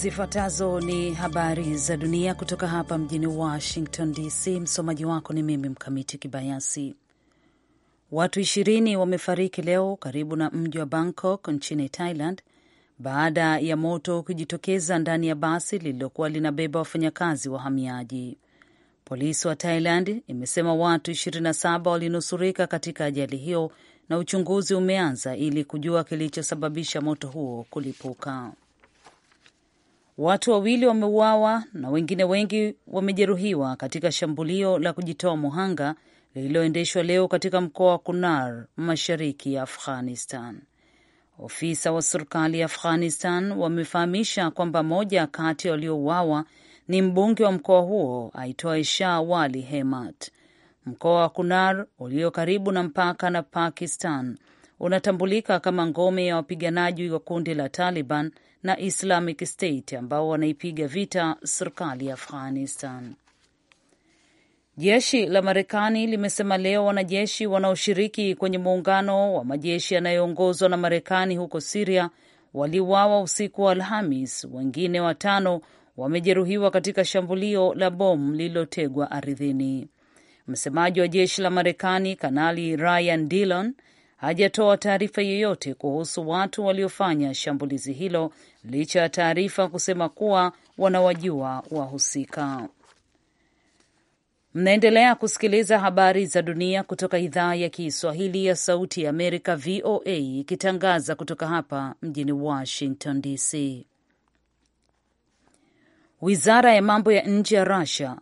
Zifuatazo ni habari za dunia kutoka hapa mjini Washington DC. Msomaji wako ni mimi Mkamiti Kibayasi. Watu ishirini wamefariki leo karibu na mji wa Bangkok nchini Thailand baada ya moto kujitokeza ndani ya basi lililokuwa linabeba wafanyakazi wahamiaji. Polisi wa Thailand imesema watu 27 walinusurika katika ajali hiyo na uchunguzi umeanza ili kujua kilichosababisha moto huo kulipuka. Watu wawili wameuawa na wengine wengi wamejeruhiwa katika shambulio la kujitoa muhanga lililoendeshwa leo katika mkoa wa Kunar, mashariki ya Afghanistan. Ofisa wa serikali ya Afghanistan wamefahamisha kwamba moja kati ya waliouawa ni mbunge wa mkoa huo aitwaye Shah Wali Hemat. Mkoa wa Kunar ulio karibu na mpaka na Pakistan unatambulika kama ngome ya wapiganaji wa kundi la Taliban na Islamic State ambao wanaipiga vita serikali ya Afghanistan. Jeshi la Marekani limesema leo wanajeshi wanaoshiriki kwenye muungano wa majeshi yanayoongozwa na Marekani huko Siria waliuawa usiku wa Alhamis, wengine watano wamejeruhiwa katika shambulio la bomu lililotegwa ardhini. Msemaji wa jeshi la Marekani Kanali Ryan Dillon hajatoa taarifa yoyote kuhusu watu waliofanya shambulizi hilo licha ya taarifa kusema kuwa wanawajua wahusika. Mnaendelea kusikiliza habari za dunia kutoka idhaa ya Kiswahili ya Sauti ya Amerika, VOA, ikitangaza kutoka hapa mjini Washington DC. Wizara ya mambo ya nje ya Russia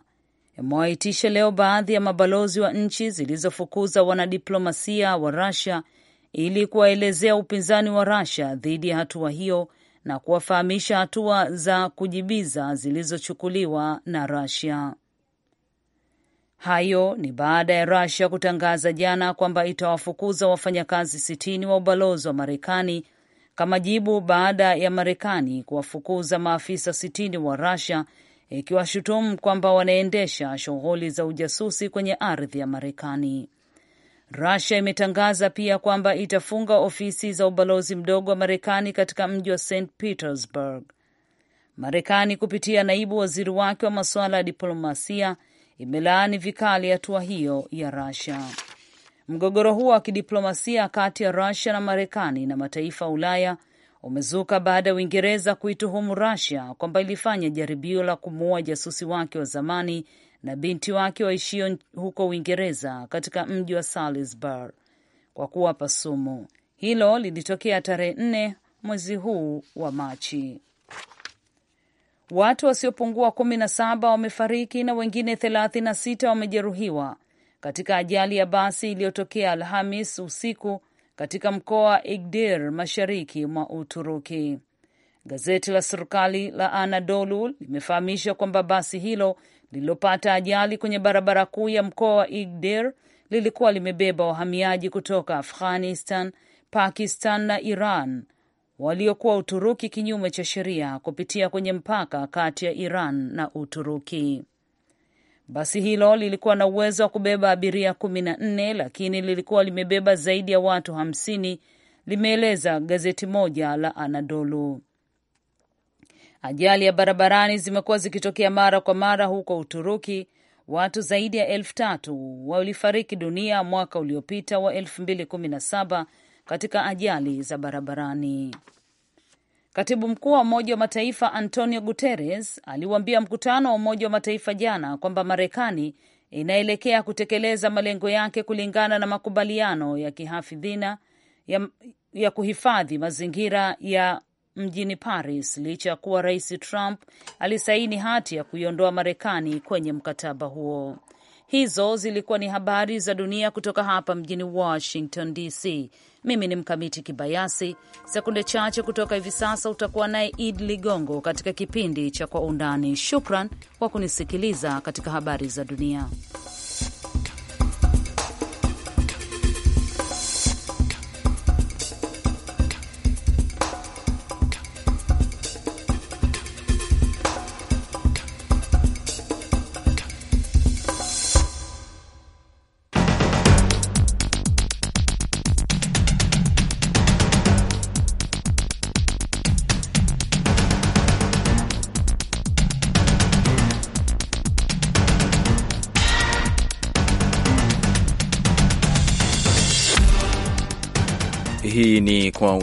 imewaitisha leo baadhi ya mabalozi wa nchi zilizofukuza wanadiplomasia wa rasia ili kuwaelezea upinzani wa rasia dhidi ya hatua hiyo na kuwafahamisha hatua za kujibiza zilizochukuliwa na rasia Hayo ni baada ya rasia kutangaza jana kwamba itawafukuza wafanyakazi sitini wa ubalozi wa Marekani kama jibu baada ya Marekani kuwafukuza maafisa sitini wa rasia ikiwashutumu kwamba wanaendesha shughuli za ujasusi kwenye ardhi ya Marekani rasia imetangaza pia kwamba itafunga ofisi za ubalozi mdogo wa Marekani katika mji wa St Petersburg. Marekani kupitia naibu waziri wake wa masuala ya diplomasia imelaani vikali hatua hiyo ya rasia Mgogoro huo wa kidiplomasia kati ya rasia na Marekani na mataifa ya Ulaya umezuka baada ya Uingereza kuituhumu rasia kwamba ilifanya jaribio la kumuua jasusi wake wa zamani na binti wake waishio huko Uingereza katika mji wa Salisbury kwa kuwapa sumu. Hilo lilitokea tarehe nne mwezi huu wa Machi. Watu wasiopungua kumi na saba wamefariki na wengine thelathini na sita wamejeruhiwa katika ajali ya basi iliyotokea Alhamis usiku katika mkoa wa Igdir mashariki mwa Uturuki. Gazeti la serikali la Anadolu limefahamisha kwamba basi hilo lililopata ajali kwenye barabara kuu ya mkoa wa Igdir lilikuwa limebeba wahamiaji kutoka Afghanistan, Pakistan na Iran waliokuwa Uturuki kinyume cha sheria kupitia kwenye mpaka kati ya Iran na Uturuki. Basi hilo lilikuwa na uwezo wa kubeba abiria kumi na nne lakini lilikuwa limebeba zaidi ya watu hamsini, limeeleza gazeti moja la Anadolu. Ajali ya barabarani zimekuwa zikitokea mara kwa mara huko Uturuki. Watu zaidi ya elfu tatu walifariki dunia mwaka uliopita wa saba katika ajali za barabarani. Katibu mkuu wa Umoja wa Mataifa Antonio Guterres aliwaambia mkutano wa Umoja wa Mataifa jana kwamba Marekani inaelekea kutekeleza malengo yake kulingana na makubaliano ya kihafidhina ya, ya kuhifadhi mazingira ya mjini Paris licha ya kuwa Rais Trump alisaini hati ya kuiondoa Marekani kwenye mkataba huo. Hizo zilikuwa ni habari za dunia kutoka hapa mjini Washington DC. Mimi ni Mkamiti Kibayasi. Sekunde chache kutoka hivi sasa utakuwa naye Id Ligongo katika kipindi cha Kwa Undani. Shukran kwa kunisikiliza katika habari za dunia.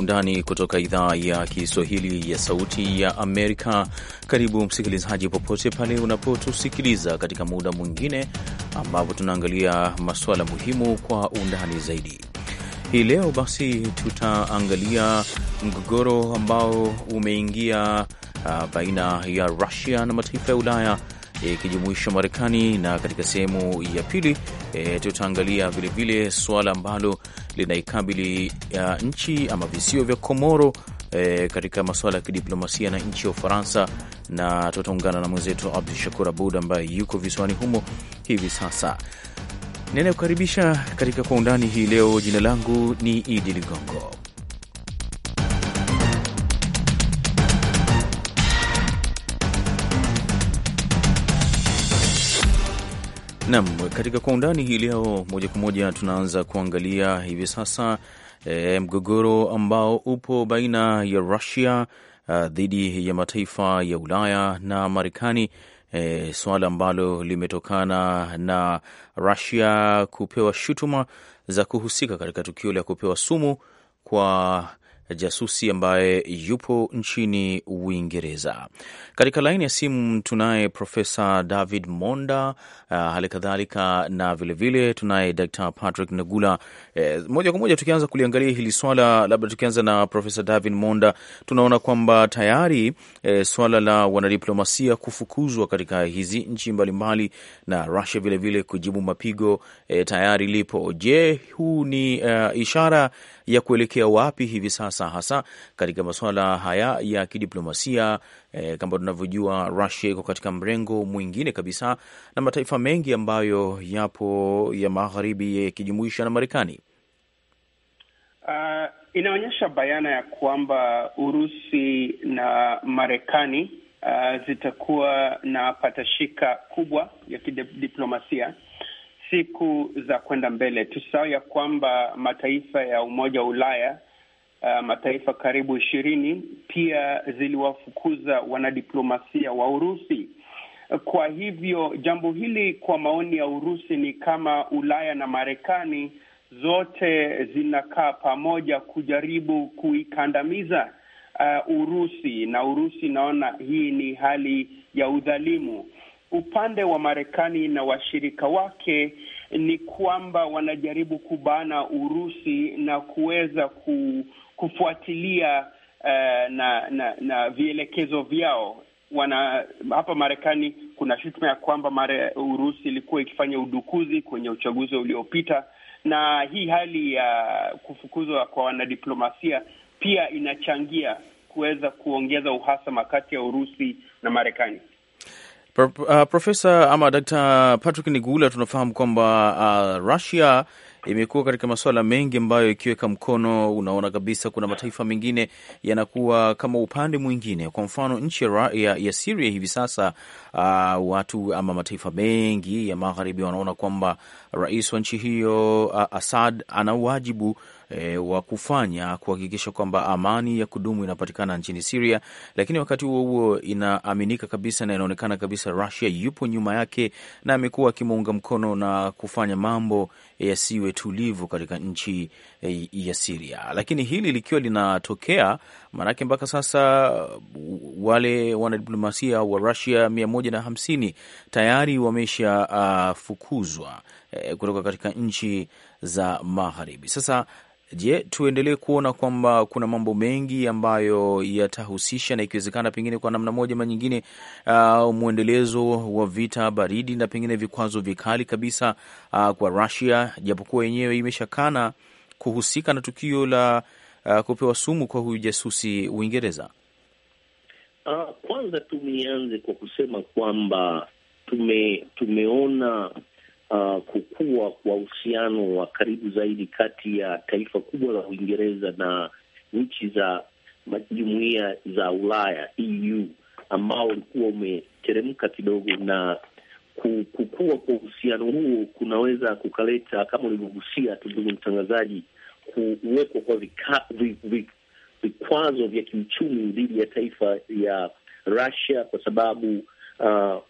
undani kutoka idhaa ya Kiswahili ya Sauti ya Amerika. Karibu msikilizaji, popote pale unapotusikiliza katika muda mwingine ambapo tunaangalia masuala muhimu kwa undani zaidi. Hii leo basi tutaangalia mgogoro ambao umeingia uh, baina ya Rusia na mataifa ya Ulaya ikijumuisha e, Marekani, na katika sehemu ya pili e, tutaangalia vilevile suala ambalo linaikabili ya e, nchi ama visio vya Komoro e, katika masuala ya kidiplomasia na nchi ya Ufaransa, na tutaungana na mwenzetu Abdu Shakur Abud ambaye yuko visiwani humo hivi sasa. Ninayokaribisha katika Kwa Undani hii leo, jina langu ni Idi Ligongo. Nam, katika kwa undani hii leo, moja kwa moja tunaanza kuangalia hivi sasa e, mgogoro ambao upo baina ya Rusia ah, dhidi ya mataifa ya Ulaya na Marekani. E, suala ambalo limetokana na Rusia kupewa shutuma za kuhusika katika tukio la kupewa sumu kwa jasusi ambaye yupo nchini Uingereza. Katika laini ya simu tunaye Profesa David Monda, uh, hali kadhalika na vilevile tunaye Dr Patrick Nagula. Eh, moja kwa moja tukianza kuliangalia hili swala, labda tukianza na Profesa David Monda, tunaona kwamba tayari eh, swala la wanadiplomasia kufukuzwa katika hizi nchi mbalimbali na Rusia vilevile kujibu mapigo eh, tayari lipo. Je, huu ni uh, ishara ya kuelekea wapi hivi sasa, hasa katika masuala haya ya kidiplomasia. E, kama tunavyojua Russia iko katika mrengo mwingine kabisa na mataifa mengi ambayo yapo ya magharibi yakijumuisha na Marekani. Uh, inaonyesha bayana ya kwamba Urusi na Marekani uh, zitakuwa na patashika kubwa ya kidiplomasia siku za kwenda mbele. Tusahau ya kwamba mataifa ya Umoja wa Ulaya uh, mataifa karibu ishirini pia ziliwafukuza wanadiplomasia wa Urusi. Kwa hivyo jambo hili kwa maoni ya Urusi ni kama Ulaya na Marekani zote zinakaa pamoja kujaribu kuikandamiza uh, Urusi na Urusi, naona hii ni hali ya udhalimu upande wa Marekani na washirika wake ni kwamba wanajaribu kubana Urusi na kuweza ku, kufuatilia uh, na na, na vielekezo vyao wana hapa Marekani kuna shutuma ya kwamba mare, Urusi ilikuwa ikifanya udukuzi kwenye uchaguzi uliopita, na hii hali ya uh, kufukuzwa kwa wanadiplomasia pia inachangia kuweza kuongeza uhasama kati ya Urusi na Marekani. Uh, Profesa ama Dr. Patrick Nigula, tunafahamu kwamba uh, Russia imekuwa katika masuala mengi ambayo ikiweka mkono, unaona kabisa kuna mataifa mengine yanakuwa kama upande mwingine. Kwa mfano nchi ya, ya, ya Syria hivi sasa uh, watu ama mataifa mengi ya magharibi wanaona kwamba rais wa nchi hiyo uh, Assad ana wajibu e, wa kufanya kuhakikisha kwamba amani ya kudumu inapatikana nchini siria lakini wakati huo huo inaaminika kabisa na inaonekana kabisa Russia yupo nyuma yake na amekuwa akimuunga mkono na kufanya mambo yasiwe tulivu katika nchi e, ya siria Lakini hili likiwa linatokea, maanake mpaka sasa wale wanadiplomasia wa Russia mia moja na hamsini tayari wamesha uh, e, kutoka katika nchi za magharibi. Sasa Je, tuendelee kuona kwamba kuna mambo mengi ambayo yatahusisha na ikiwezekana, pengine kwa namna moja ama nyingine, uh, mwendelezo wa vita baridi na pengine vikwazo vikali kabisa uh, kwa Russia, japokuwa yenyewe imeshakana kuhusika na tukio la uh, kupewa sumu kwa huyu jasusi Uingereza. Uh, kwanza tumeanze kwa kusema kwamba tume, tumeona uh, kukua kwa uhusiano wa karibu zaidi kati ya taifa kubwa la Uingereza na nchi za jumuiya za Ulaya EU ambao ulikuwa umeteremka kidogo, na kukua kwa uhusiano huo kunaweza kukaleta, kama ulivyogusia tu ndugu mtangazaji, kuwekwa kwa vikwazo vya kiuchumi dhidi ya taifa ya Russia kwa sababu uh,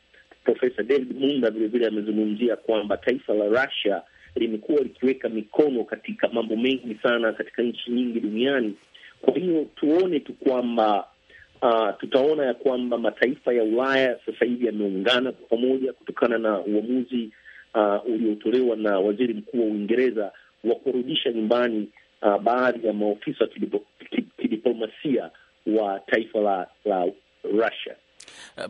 Profesa David Munda vilevile amezungumzia kwamba taifa la Russia limekuwa likiweka mikono katika mambo mengi sana katika nchi nyingi duniani. Kwa hiyo tuone tu kwamba uh, tutaona ya kwamba mataifa ya Ulaya sasa hivi yameungana kwa pamoja kutokana na uamuzi uh, uliotolewa na waziri mkuu wa Uingereza wa kurudisha nyumbani uh, baadhi ya maofisa wa kidiplomasia wa taifa la, la Russia.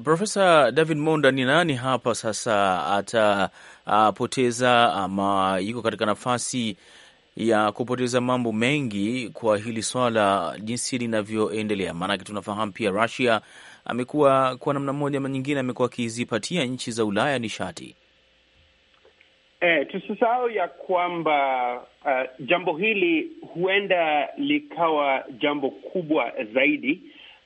Profesa David Monda, ni nani hapa sasa atapoteza ama yuko katika nafasi ya kupoteza mambo mengi kwa hili swala jinsi linavyoendelea? Maanake tunafahamu pia Russia amekuwa kwa namna moja ama nyingine amekuwa akizipatia nchi za Ulaya nishati. E, tusisahau ya kwamba uh, jambo hili huenda likawa jambo kubwa zaidi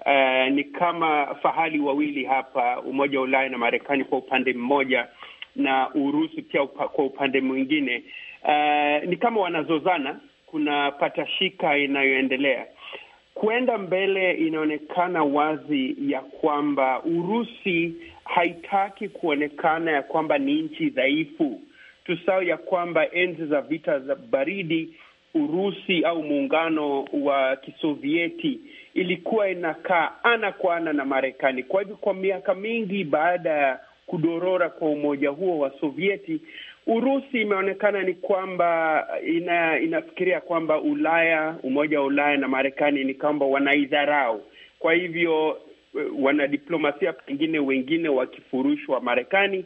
uh, ni kama fahali wawili hapa, Umoja wa Ulaya na Marekani kwa upande mmoja na Urusi pia upa, kwa upande mwingine uh, ni kama wanazozana. Kuna patashika inayoendelea kwenda mbele. Inaonekana wazi ya kwamba Urusi haitaki kuonekana ya kwamba ni nchi dhaifu. Tusahau ya kwamba enzi za vita za baridi Urusi au muungano wa Kisovieti ilikuwa inakaa ana kwa ana na Marekani. Kwa hivyo, kwa miaka mingi baada ya kudorora kwa umoja huo wa Sovieti, Urusi imeonekana ni kwamba ina, inafikiria kwamba Ulaya, umoja wa Ulaya na Marekani ni kwamba wanaidharau. Kwa hivyo wanadiplomasia pengine wengine wakifurushwa Marekani,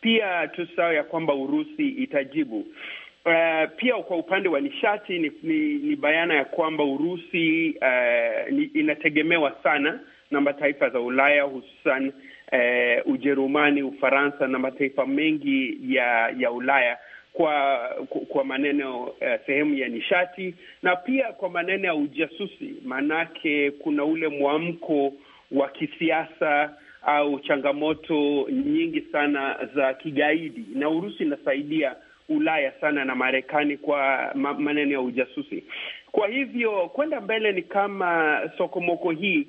pia tusahau ya kwamba Urusi itajibu. Uh, pia kwa upande wa nishati ni, ni, ni bayana ya kwamba Urusi uh, ni, inategemewa sana na mataifa za Ulaya hususan uh, Ujerumani, Ufaransa na mataifa mengi ya ya Ulaya kwa kwa maneno uh, sehemu ya nishati na pia kwa maneno ya ujasusi, maanake kuna ule mwamko wa kisiasa au changamoto nyingi sana za kigaidi, na Urusi inasaidia Ulaya sana na Marekani kwa maneno ya ujasusi. Kwa hivyo kwenda mbele ni kama sokomoko hii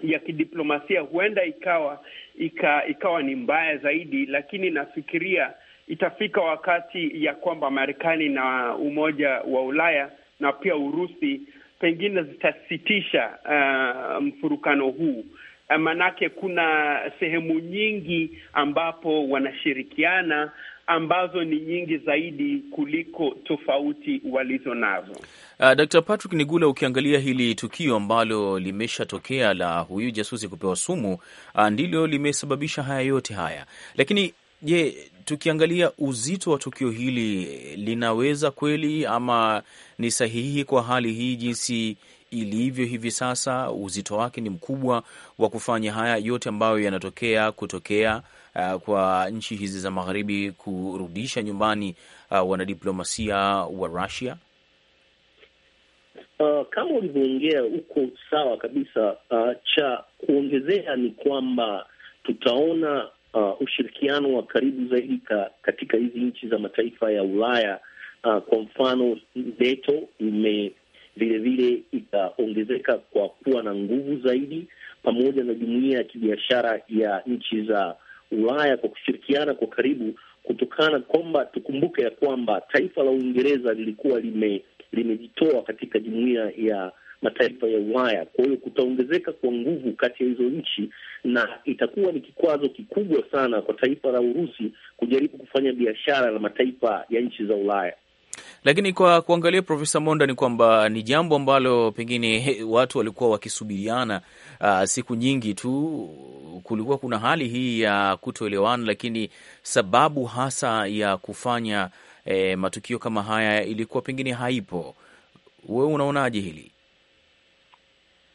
ya kidiplomasia huenda ikawa ika, ikawa ni mbaya zaidi, lakini nafikiria itafika wakati ya kwamba Marekani na Umoja wa Ulaya na pia Urusi pengine zitasitisha uh, mfurukano huu, manake kuna sehemu nyingi ambapo wanashirikiana ambazo ni nyingi zaidi kuliko tofauti walizo nazo. Uh, Dr. Patrick Nigula, ukiangalia hili tukio ambalo limeshatokea la huyu jasusi kupewa sumu, uh, ndilo limesababisha haya yote haya, lakini je, tukiangalia uzito wa tukio hili linaweza kweli ama ni sahihi kwa hali hii jinsi ilivyo hivi sasa, uzito wake ni mkubwa wa kufanya haya yote ambayo yanatokea kutokea uh, kwa nchi hizi za magharibi kurudisha nyumbani uh, wanadiplomasia wa Russia? Uh, kama ulivyoongea uko sawa kabisa. Uh, cha kuongezea ni kwamba tutaona uh, ushirikiano wa karibu zaidi ka, katika hizi nchi za mataifa ya Ulaya. Uh, kwa mfano NATO ime vilevile itaongezeka kwa kuwa na nguvu zaidi, pamoja na jumuiya ya kibiashara ya nchi za Ulaya kwa kushirikiana kwa karibu, kutokana kwamba tukumbuke ya kwamba taifa la Uingereza lilikuwa lime limejitoa katika jumuiya ya mataifa ya Ulaya. Kwa hiyo kutaongezeka kwa nguvu kati ya hizo nchi, na itakuwa ni kikwazo kikubwa sana kwa taifa la Urusi kujaribu kufanya biashara na mataifa ya nchi za Ulaya. Lakini kwa kuangalia, Profesa Monda, ni kwamba ni jambo ambalo pengine watu walikuwa wakisubiriana uh, siku nyingi tu. Kulikuwa kuna hali hii ya kutoelewana, lakini sababu hasa ya kufanya eh, matukio kama haya ilikuwa pengine haipo. Wewe unaonaje hili?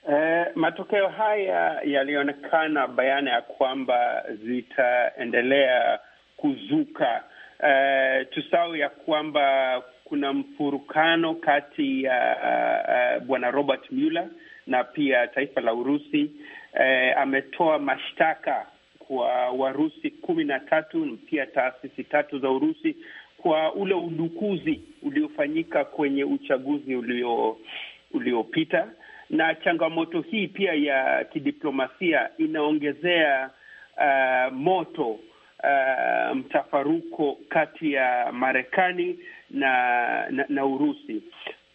Eh, matokeo haya yalionekana bayana ya kwamba zitaendelea kuzuka. Eh, tusahau ya kwamba kuna mfurukano kati ya uh, uh, bwana Robert Mueller na pia taifa la Urusi. Uh, ametoa mashtaka kwa Warusi kumi na tatu pia taasisi tatu za Urusi kwa ule udukuzi uliofanyika kwenye uchaguzi ulio uliopita, na changamoto hii pia ya kidiplomasia inaongezea uh, moto uh, mtafaruko kati ya Marekani na, na, na Urusi.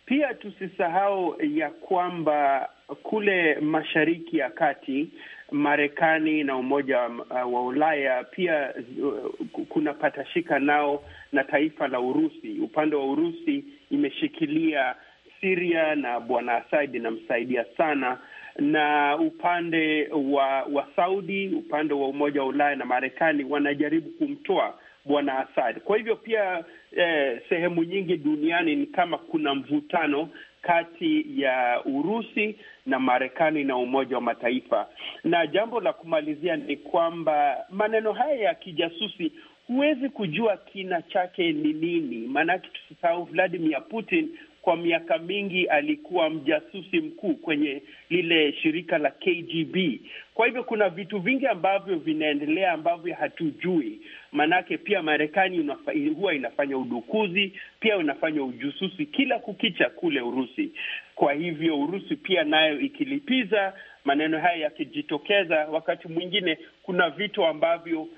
Pia tusisahau ya kwamba kule Mashariki ya Kati Marekani na Umoja wa Ulaya pia uh, kuna patashika nao na taifa la Urusi. Upande wa Urusi imeshikilia Siria na Bwana Asadi inamsaidia sana, na upande wa, wa Saudi, upande wa Umoja wa Ulaya na Marekani wanajaribu kumtoa bwana Assad. Kwa hivyo pia eh, sehemu nyingi duniani ni kama kuna mvutano kati ya Urusi na Marekani na Umoja wa Mataifa. Na jambo la kumalizia ni kwamba maneno haya ya kijasusi huwezi kujua kina chake ni nini, maanake tusisahau Vladimir Putin kwa miaka mingi alikuwa mjasusi mkuu kwenye lile shirika la KGB. Kwa hivyo kuna vitu vingi ambavyo vinaendelea ambavyo hatujui, maanake pia Marekani huwa inafanya udukuzi pia inafanya ujususi kila kukicha kule Urusi. Kwa hivyo Urusi pia nayo ikilipiza maneno haya yakijitokeza, wakati mwingine kuna vitu ambavyo uh,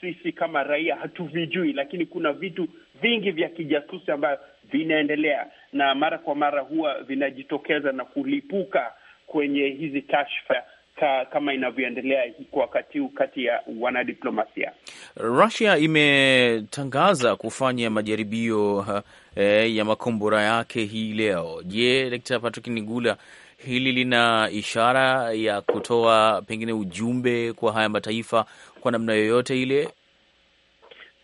sisi kama raia hatuvijui, lakini kuna vitu vingi vya kijasusi ambavyo vinaendelea na mara kwa mara huwa vinajitokeza na kulipuka kwenye hizi kashfa kama inavyoendelea kwa wakati huu kati ya wanadiplomasia. Russia imetangaza kufanya majaribio eh, ya makombora yake hii leo. Je, Dkt. Patrick Nigula, hili lina ishara ya kutoa pengine ujumbe kwa haya mataifa kwa namna yoyote ile?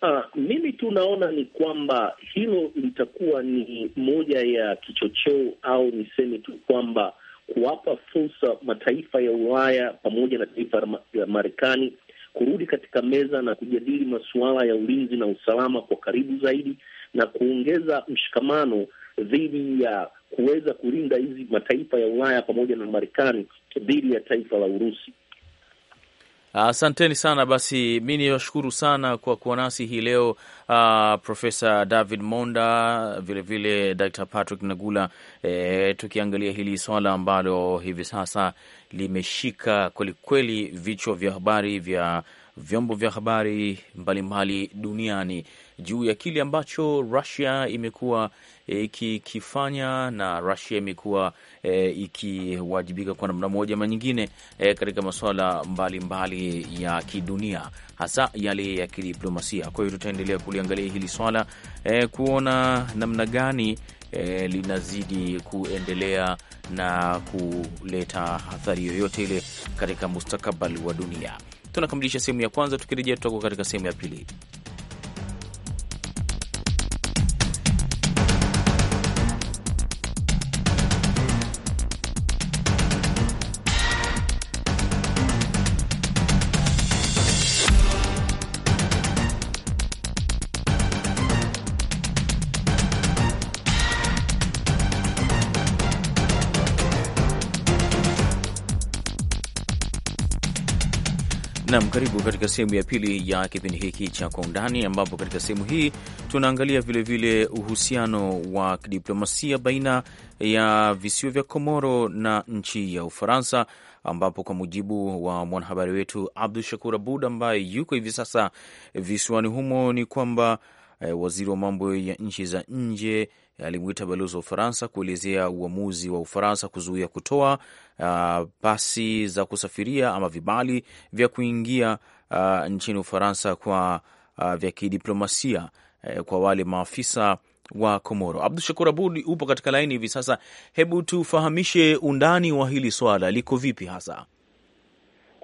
Uh, mimi tu naona ni kwamba hilo litakuwa ni moja ya kichocheo au niseme tu kwamba kuwapa fursa mataifa ya Ulaya pamoja na taifa ya Marekani kurudi katika meza na kujadili masuala ya ulinzi na usalama kwa karibu zaidi na kuongeza mshikamano dhidi ya kuweza kulinda hizi mataifa ya Ulaya pamoja na Marekani dhidi ya taifa la Urusi. Asanteni uh, sana basi, mi niwashukuru sana kwa kuwa nasi hii leo uh, Profesa David Monda vilevile Dr. Patrick Nagula eh, tukiangalia hili swala ambalo hivi sasa limeshika kwelikweli vichwa vya habari vya vyombo vya habari mbalimbali duniani juu ya kile ambacho Russia imekuwa ikikifanya e, na Russia imekuwa e, ikiwajibika kwa namna moja ama nyingine e, katika masuala mbalimbali ya kidunia hasa yale ya kidiplomasia. Kwa hiyo tutaendelea kuliangalia hili swala e, kuona namna gani e, linazidi kuendelea na kuleta athari yoyote ile katika mustakabali wa dunia. Tunakamilisha sehemu ya kwanza, tukirejea tutakuwa katika sehemu ya pili. karibu katika sehemu ya pili ya kipindi hiki cha Kwa Undani, ambapo katika sehemu hii tunaangalia vilevile uhusiano wa kidiplomasia baina ya visiwa vya Komoro na nchi ya Ufaransa, ambapo kwa mujibu wa mwanahabari wetu Abdu Shakur Abud ambaye yuko hivi sasa visiwani humo ni kwamba eh, waziri wa mambo ya nchi za nje alimwita balozi wa Ufaransa kuelezea uamuzi wa Ufaransa kuzuia kutoa uh, pasi za kusafiria ama vibali vya kuingia uh, nchini Ufaransa kwa uh, vya kidiplomasia uh, kwa wale maafisa wa Komoro. Abdu Shakur Abud upo katika laini hivi sasa, hebu tufahamishe undani wa hili swala liko vipi hasa?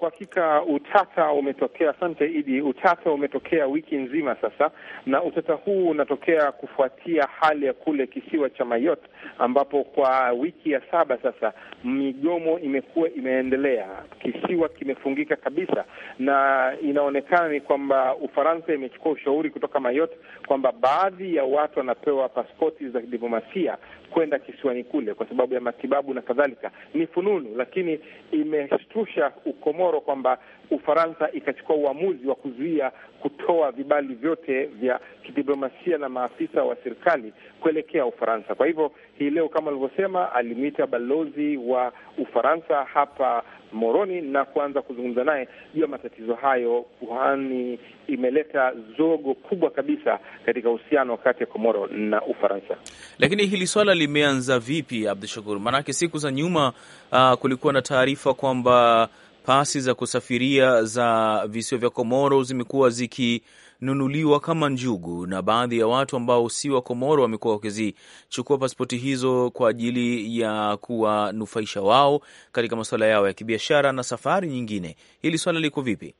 kwa hakika utata umetokea. Asante Idi, utata umetokea wiki nzima sasa, na utata huu unatokea kufuatia hali ya kule kisiwa cha Mayotte, ambapo kwa wiki ya saba sasa migomo imekuwa imeendelea. Kisiwa kimefungika kabisa, na inaonekana ni kwamba Ufaransa imechukua ushauri kutoka Mayotte kwamba baadhi ya watu wanapewa paspoti za kidiplomasia kwenda kisiwani kule kwa sababu ya matibabu na kadhalika. Ni fununu, lakini imeshtusha ukomoro mgogoro kwamba Ufaransa ikachukua uamuzi wa kuzuia kutoa vibali vyote vya kidiplomasia na maafisa wa serikali kuelekea Ufaransa. Kwa hivyo hii leo, kama alivyosema, alimwita balozi wa Ufaransa hapa Moroni na kuanza kuzungumza naye juu ya matatizo hayo, kwani imeleta zogo kubwa kabisa katika uhusiano kati ya Komoro na Ufaransa. Lakini hili swala limeanza vipi, Abdu Shakur? Maanake siku za nyuma uh, kulikuwa na taarifa kwamba pasi za kusafiria za visiwa vya Komoro zimekuwa zikinunuliwa kama njugu, na baadhi ya watu ambao si wa Komoro wamekuwa wakizichukua pasipoti hizo kwa ajili ya kuwanufaisha wao katika masuala yao ya kibiashara na safari nyingine. Hili swala liko vipi?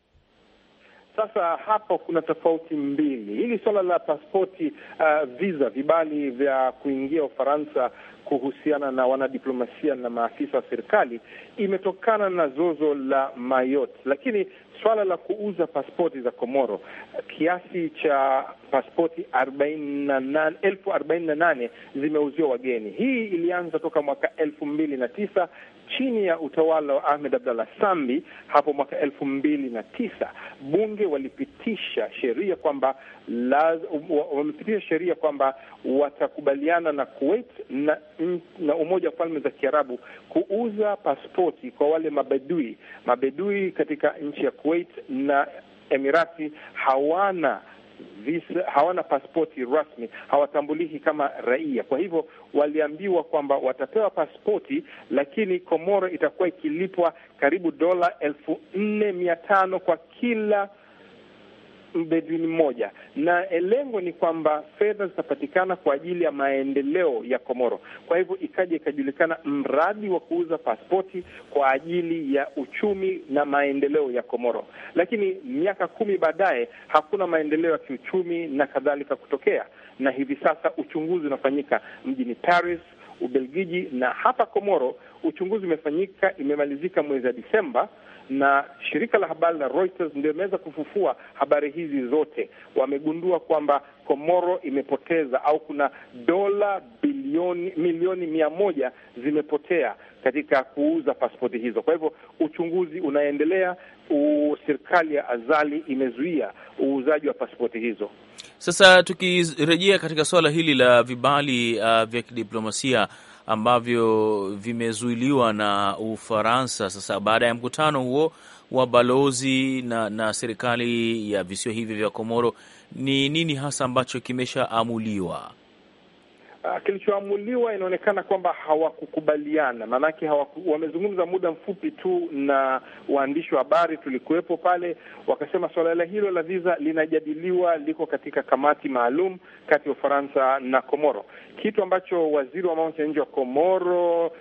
Sasa hapo kuna tofauti mbili. Hili suala la pasipoti uh, visa, vibali vya kuingia Ufaransa kuhusiana na wanadiplomasia na maafisa wa serikali imetokana na zozo la Mayot, lakini swala la kuuza pasipoti za Komoro kiasi cha pasipoti elfu arobaini na nane zimeuziwa wageni. Hii ilianza toka mwaka elfu mbili na tisa chini ya utawala wa Ahmed Abdallah Sambi. Hapo mwaka elfu mbili na tisa bunge walipitisha sheria kwamba wamepitisha sheria kwamba watakubaliana na Kuwait na, na Umoja wa Falme za Kiarabu kuuza paspoti kwa wale mabedui mabedui katika nchi ya Kuwait na Emirati hawana visa, hawana paspoti rasmi, hawatambuliki kama raia. Kwa hivyo waliambiwa kwamba watapewa paspoti lakini Komoro itakuwa ikilipwa karibu dola elfu nne mia tano kwa kila bedwini moja, na eh, lengo ni kwamba fedha zitapatikana kwa ajili ya maendeleo ya Komoro. Kwa hivyo ikaja ikajulikana mradi wa kuuza pasipoti kwa ajili ya uchumi na maendeleo ya Komoro, lakini miaka kumi baadaye hakuna maendeleo ya kiuchumi na kadhalika kutokea, na hivi sasa uchunguzi unafanyika mjini Paris Ubelgiji na hapa Komoro. Uchunguzi umefanyika imemalizika mwezi wa Disemba na shirika la habari la Reuters ndio imeweza kufufua habari hizi zote. Wamegundua kwamba Komoro imepoteza au kuna dola bilioni milioni mia moja zimepotea katika kuuza pasipoti hizo. Kwa hivyo uchunguzi unaendelea. Serikali ya Azali imezuia uuzaji wa pasipoti hizo. Sasa tukirejea katika suala hili la vibali uh, vya kidiplomasia ambavyo vimezuiliwa na Ufaransa. Sasa baada ya mkutano huo wa balozi na, na serikali ya visiwa hivyo vya Komoro, ni nini hasa ambacho kimeshaamuliwa? uh, kilichoamuliwa inaonekana kwamba hawakukubaliana, maanake hawaku, wamezungumza muda mfupi tu na waandishi wa habari, tulikuwepo pale. Wakasema suala hilo la visa linajadiliwa, liko katika kamati maalum kati ya Ufaransa na Komoro, kitu ambacho waziri wa mambo ya nje wa Komoro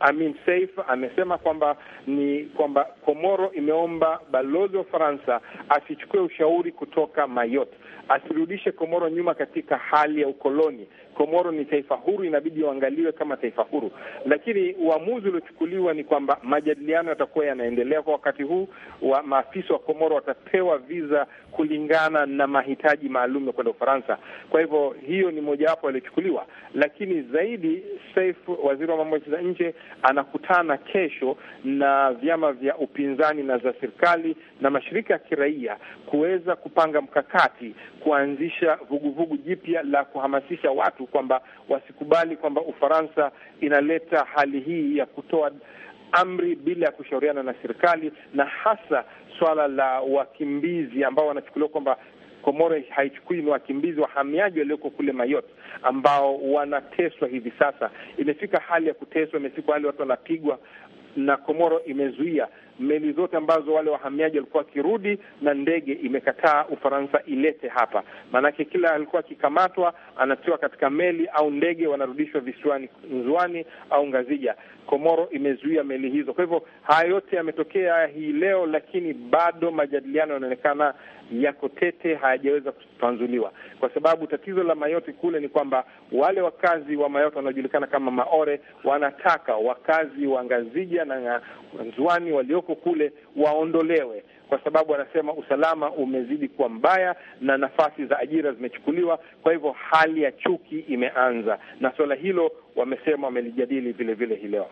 Amin Saif amesema kwamba ni kwamba Komoro imeomba balozi wa Ufaransa asichukue ushauri kutoka Mayotte asirudishe Komoro nyuma katika hali ya ukoloni, Komoro ni taifa huru, inabidi waangaliwe kama taifa huru, lakini uamuzi uliochukuliwa ni kwamba majadiliano yatakuwa yanaendelea kwa wakati huu wa maafisa wa Komoro watapewa viza kulingana na mahitaji maalum ya kwenda Ufaransa. Kwa hivyo hiyo ni mojawapo yaliyochukuliwa, lakini zaidi saif waziri wa mambo ya za nje, anakutana kesho na vyama vya upinzani na za serikali na mashirika ya kiraia kuweza kupanga mkakati kuanzisha vuguvugu jipya la kuhamasisha watu kwamba wasikubali kwamba Ufaransa inaleta hali hii ya kutoa amri bila ya kushauriana na serikali, na hasa swala la wakimbizi ambao wanachukuliwa kwamba Komoro haichukui ni wakimbizi wahamiaji walioko kule Mayot ambao wanateswa hivi sasa. Imefika hali ya kuteswa, imefika hali watu wanapigwa na Komoro imezuia meli zote ambazo wale wahamiaji walikuwa wakirudi na ndege imekataa Ufaransa ilete hapa. Maanake kila alikuwa akikamatwa anatiwa katika meli au ndege, wanarudishwa visiwani Nzwani au Ngazija. Komoro imezuia meli hizo. Kwa hivyo haya yote yametokea hii leo, lakini bado majadiliano yanaonekana yako tete, hayajaweza kutanzuliwa kwa sababu tatizo la Mayoti kule ni kwamba wale wakazi wa Mayoti wanaojulikana kama Maore wanataka wakazi wa Ngazija na Nzwani walioko kule waondolewe kwa sababu wanasema usalama umezidi kuwa mbaya na nafasi za ajira zimechukuliwa. Kwa hivyo hali ya chuki imeanza, na suala hilo wamesema wamelijadili vile vile hii leo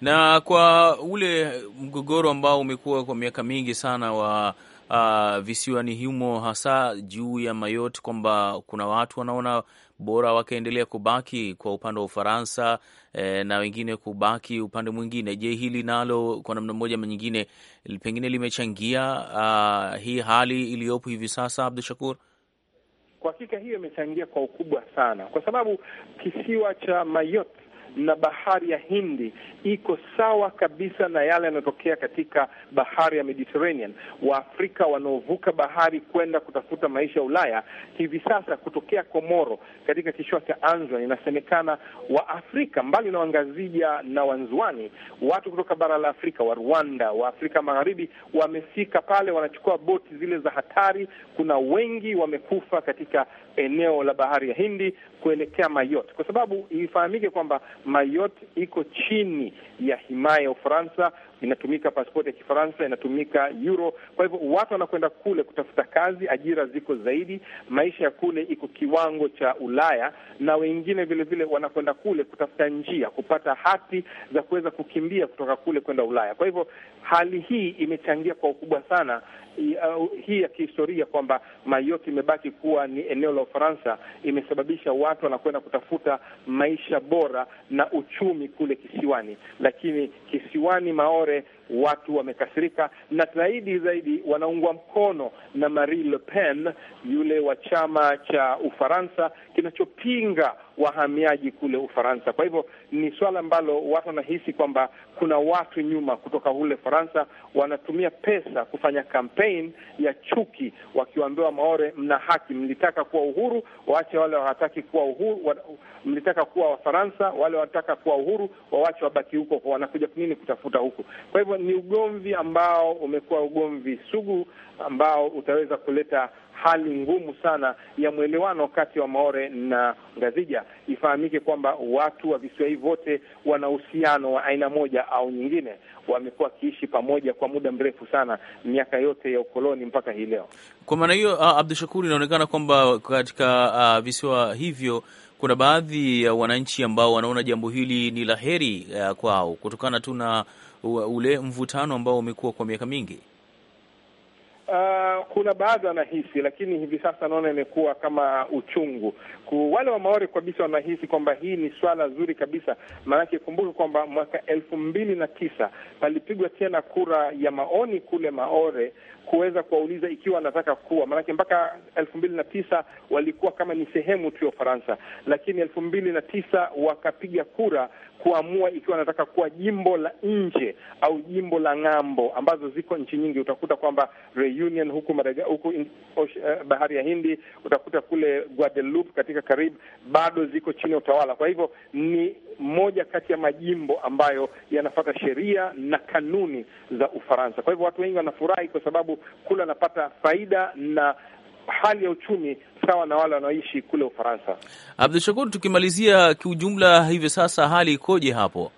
na kwa ule mgogoro ambao umekuwa kwa miaka mingi sana wa uh, visiwani humo hasa juu ya Mayotte, kwamba kuna watu wanaona bora wakaendelea kubaki kwa upande wa Ufaransa e, na wengine kubaki upande mwingine. Je, hili nalo kwa namna moja ama nyingine pengine limechangia uh, hii hali iliyopo hivi sasa, Abdu Shakur? Kwa hakika hiyo imechangia kwa ukubwa sana, kwa sababu kisiwa cha Mayotte na bahari ya Hindi iko sawa kabisa na yale yanayotokea katika bahari ya Mediterranean. Waafrika wanaovuka bahari kwenda kutafuta maisha ya Ulaya hivi sasa kutokea Komoro katika kisiwa cha Anzan, inasemekana Waafrika mbali na Wangazija na Wanzuani, watu kutoka bara la Afrika, wa Rwanda, wa Afrika Magharibi wamefika pale, wanachukua boti zile za hatari. Kuna wengi wamekufa katika eneo la bahari ya Hindi kuelekea Mayotte, kwa sababu ifahamike kwamba Mayotte iko chini ya himaya ya Ufaransa inatumika pasipoti ya Kifaransa, inatumika euro. Kwa hivyo watu wanakwenda kule kutafuta kazi, ajira ziko zaidi, maisha ya kule iko kiwango cha Ulaya, na wengine vile vile wanakwenda kule kutafuta njia kupata hati za kuweza kukimbia kutoka kule kwenda Ulaya. Kwa hivyo hali hii imechangia kwa ukubwa sana hii ya kihistoria kwamba Mayoti imebaki kuwa ni eneo la Ufaransa, imesababisha watu wanakwenda kutafuta maisha bora na uchumi kule kisiwani, lakini kisiwani Maore cuore watu wamekasirika, na zaidi zaidi wanaungwa mkono na Marine Le Pen, yule wa chama cha Ufaransa kinachopinga wahamiaji kule Ufaransa. Kwa hivyo ni swala ambalo watu wanahisi kwamba kuna watu nyuma kutoka kule ufaransa wanatumia pesa kufanya campaign ya chuki, wakiwaambiwa Maore, mna haki, mlitaka kuwa uhuru, waache wale hawataki kuwa uhuru wa, mlitaka kuwa Wafaransa, wale wanataka kuwa uhuru waache wabaki huko, wanakuja nini kutafuta huku. Kwa hivyo ni ugomvi ambao umekuwa ugomvi sugu ambao utaweza kuleta hali ngumu sana ya mwelewano kati wa Maore na Ngazija. Ifahamike kwamba watu wa visiwa hivi vote wana uhusiano wa aina moja au nyingine, wamekuwa wakiishi pamoja kwa muda mrefu sana, miaka yote ya ukoloni mpaka hii leo. Kwa maana hiyo, Abdu Shakur, inaonekana kwamba katika uh, visiwa hivyo kuna baadhi ya wananchi ambao wanaona jambo hili ni la heri uh, kwao kutokana tu na ule mvutano ambao umekuwa kwa miaka mingi. Uh, kuna baadhi wanahisi, lakini hivi sasa naona imekuwa kama uchungu. Wale wa Maori kabisa wanahisi kwamba hii ni swala zuri kabisa, maanake kumbuka kwamba mwaka elfu mbili na tisa palipigwa tena kura ya maoni kule Maore kuweza kuwauliza ikiwa anataka kuwa, maanake mpaka elfu mbili na tisa walikuwa kama ni sehemu tu ya Ufaransa, lakini elfu mbili na tisa wakapiga kura kuamua ikiwa anataka kuwa jimbo la nje au jimbo la ng'ambo, ambazo ziko nchi nyingi. Utakuta kwamba Reunion huku Madaga, huku in, osh, uh, bahari ya Hindi, utakuta kule Guadeloupe katika Karib bado ziko chini ya utawala. Kwa hivyo ni moja kati ya majimbo ambayo yanafata sheria na kanuni za Ufaransa. Kwa hivyo watu wengi wanafurahi kwa sababu kule anapata faida na hali ya uchumi sawa na wale wanaoishi kule Ufaransa. Abdul Shakur, tukimalizia kiujumla, hivi sasa hali ikoje hapo?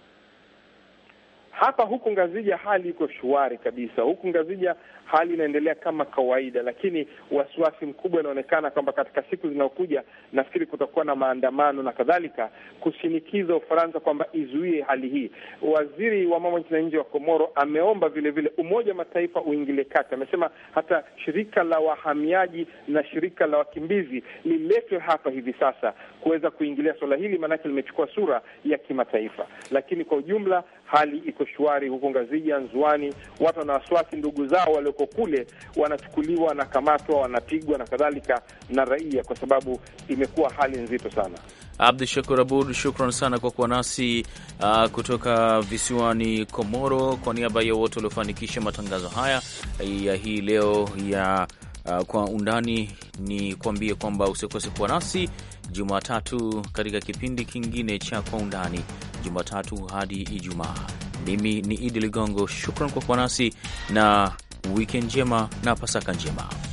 Hapa huku Ngazija hali iko shwari kabisa. Huku Ngazija hali inaendelea kama kawaida, lakini wasiwasi mkubwa inaonekana kwamba katika siku zinazokuja, nafikiri kutakuwa na maandamano na kadhalika, kushinikiza Ufaransa kwamba izuie hali hii. Waziri wa mambo ya nje wa Komoro ameomba vile vile Umoja Mataifa uingilie kati. Amesema hata shirika la wahamiaji na shirika la wakimbizi liletwe hapa hivi sasa kuweza kuingilia suala hili, maanake limechukua sura ya kimataifa. Lakini kwa ujumla hali iko shwari huko Ngazija, Nzwani, watu wana wasiwasi, ndugu zao walio walioko kule wanachukuliwa, wanakamatwa, wanapigwa na kadhalika na raia, kwa sababu imekuwa hali nzito sana. Abdu Shakur Abud, shukran sana kwa kuwa nasi uh, kutoka visiwani Komoro. Kwa niaba ya wote waliofanikisha matangazo haya ya hii leo ya uh, kwa undani, ni kuambie kwamba usikose kuwa nasi Jumatatu katika kipindi kingine cha kwa undani, Jumatatu hadi Ijumaa. Mimi ni Idi Ligongo, shukran kwa kuwa nasi na wiki njema na Pasaka njema.